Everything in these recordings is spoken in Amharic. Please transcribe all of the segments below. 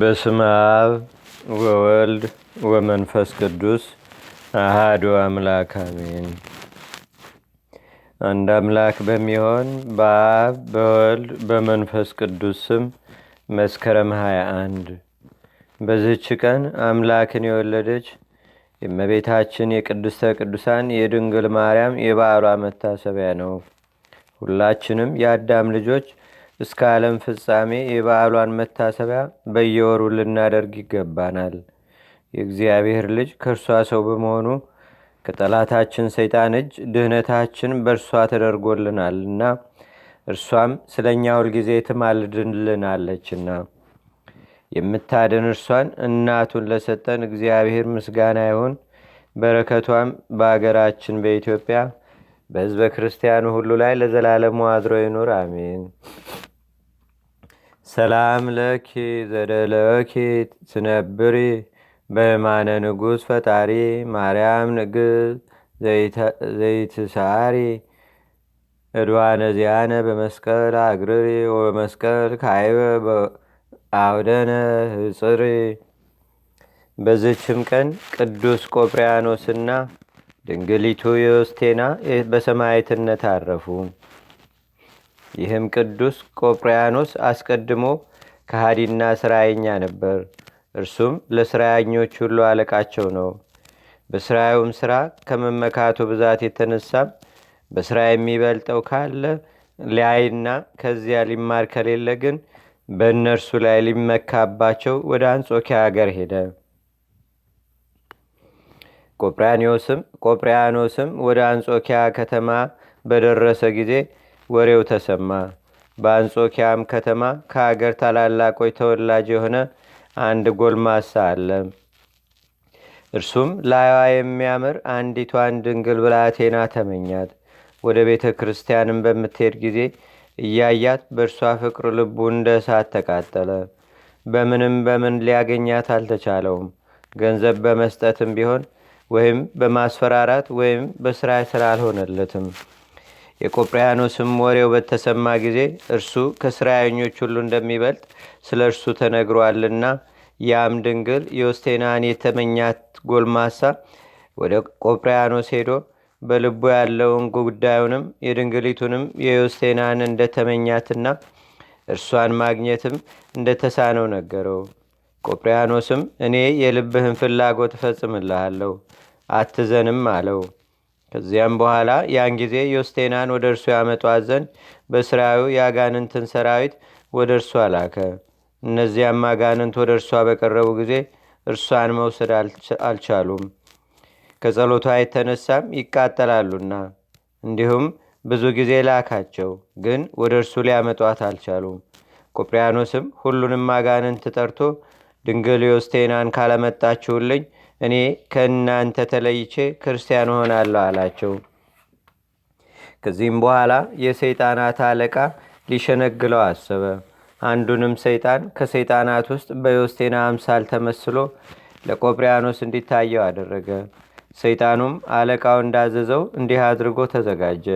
በስመ አብ ወወልድ ወመንፈስ ቅዱስ አሃዱ አምላክ አሜን። አንድ አምላክ በሚሆን በአብ በወልድ በመንፈስ ቅዱስ ስም መስከረም 21 በዚህች ቀን አምላክን የወለደች የእመቤታችን የቅድስተ ቅዱሳን የድንግል ማርያም የበዓሏ መታሰቢያ ነው። ሁላችንም የአዳም ልጆች እስከ ዓለም ፍጻሜ የበዓሏን መታሰቢያ በየወሩ ልናደርግ ይገባናል። የእግዚአብሔር ልጅ ከእርሷ ሰው በመሆኑ ከጠላታችን ሰይጣን እጅ ድህነታችን በእርሷ ተደርጎልናልና እርሷም ስለ እኛ ሁልጊዜ ትማልድልናለችና የምታድን እርሷን እናቱን ለሰጠን እግዚአብሔር ምስጋና ይሁን። በረከቷም በአገራችን በኢትዮጵያ በህዝበ ክርስቲያኑ ሁሉ ላይ ለዘላለሙ አድሮ ይኑር፣ አሜን። ሰላም ለኪ ዘደለወኪ ትነብሪ በማነ ንጉሥ ፈጣሪ ማርያም ንግሥ ዘይትሳሪ እድዋነ ዚያነ በመስቀል አግርሪ ወበመስቀል ካይበ አውደነ ህፅሪ በዝችም ቀን ቅዱስ ቆጵሪያኖስና ድንግሊቱ ዮስቴና በሰማይትነት አረፉ። ይህም ቅዱስ ቆጵሪያኖስ አስቀድሞ ከሃዲና ስራየኛ ነበር እርሱም ለስራያኞች ሁሉ አለቃቸው ነው በስራዩም ስራ ከመመካቱ ብዛት የተነሳም በስራ የሚበልጠው ካለ ሊያይና ከዚያ ሊማር ከሌለ ግን በእነርሱ ላይ ሊመካባቸው ወደ አንጾኪያ አገር ሄደ ቆጵሪያኖስም ወደ አንጾኪያ ከተማ በደረሰ ጊዜ ወሬው ተሰማ። በአንጾኪያም ከተማ ከአገር ታላላቆች ተወላጅ የሆነ አንድ ጎልማሳ አለ። እርሱም ላይዋ የሚያምር አንዲቷን ድንግል ብላቴና ተመኛት። ወደ ቤተ ክርስቲያንም በምትሄድ ጊዜ እያያት በእርሷ ፍቅር ልቡ እንደ እሳት ተቃጠለ። በምንም በምን ሊያገኛት አልተቻለውም። ገንዘብ በመስጠትም ቢሆን ወይም በማስፈራራት ወይም በስራ ስራ አልሆነለትም። የቆጵሪያኖስም ወሬው በተሰማ ጊዜ እርሱ ከስራያኞች ሁሉ እንደሚበልጥ ስለ እርሱ ተነግሯልና ያም ድንግል ዮስቴናን የተመኛት ጎልማሳ ወደ ቆጵሪያኖስ ሄዶ በልቡ ያለውን ጉዳዩንም የድንግሊቱንም የዮስቴናን እንደተመኛትና እርሷን ማግኘትም እንደተሳነው ነገረው ቆጵሪያኖስም እኔ የልብህን ፍላጎት እፈጽምልሃለሁ አትዘንም አለው ከዚያም በኋላ ያን ጊዜ ዮስቴናን ወደ እርሱ ያመጧት ዘንድ በስራዩ የአጋንንትን ሰራዊት ወደ እርሱ ላከ። እነዚያም አጋንንት ወደ እርሷ በቀረቡ ጊዜ እርሷን መውሰድ አልቻሉም፣ ከጸሎቷ የተነሳም ይቃጠላሉና። እንዲሁም ብዙ ጊዜ ላካቸው፣ ግን ወደ እርሱ ሊያመጧት አልቻሉም። ቁጵሪያኖስም ሁሉንም አጋንንት ጠርቶ ድንግል ዮስቴናን ካለመጣችሁልኝ እኔ ከእናንተ ተለይቼ ክርስቲያን ሆናለሁ አላቸው። ከዚህም በኋላ የሰይጣናት አለቃ ሊሸነግለው አሰበ። አንዱንም ሰይጣን ከሰይጣናት ውስጥ በዮስቴና አምሳል ተመስሎ ለቆጵሪያኖስ እንዲታየው አደረገ። ሰይጣኑም አለቃው እንዳዘዘው እንዲህ አድርጎ ተዘጋጀ።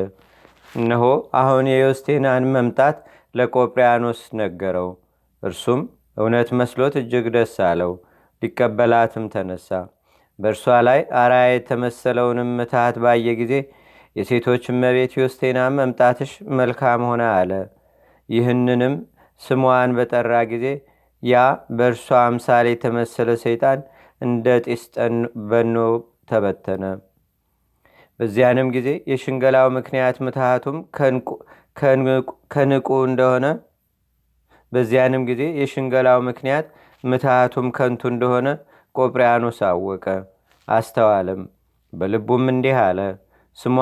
እነሆ አሁን የዮስቴናን መምጣት ለቆጵሪያኖስ ነገረው። እርሱም እውነት መስሎት እጅግ ደስ አለው። ሊቀበላትም ተነሳ በእርሷ ላይ አራ የተመሰለውንም ምትሃት ባየ ጊዜ የሴቶች መቤት ዮስቴና መምጣትሽ መልካም ሆነ አለ ይህንንም ስሟን በጠራ ጊዜ ያ በእርሷ አምሳሌ የተመሰለ ሰይጣን እንደ ጢስ በኖ ተበተነ በዚያንም ጊዜ የሽንገላው ምክንያት ምትሃቱም ከንቁ እንደሆነ በዚያንም ጊዜ የሽንገላው ምክንያት ምትሃቱም ከንቱ እንደሆነ ቆጵሪያኖስ አወቀ አስተዋልም በልቡም እንዲህ አለ ስሟ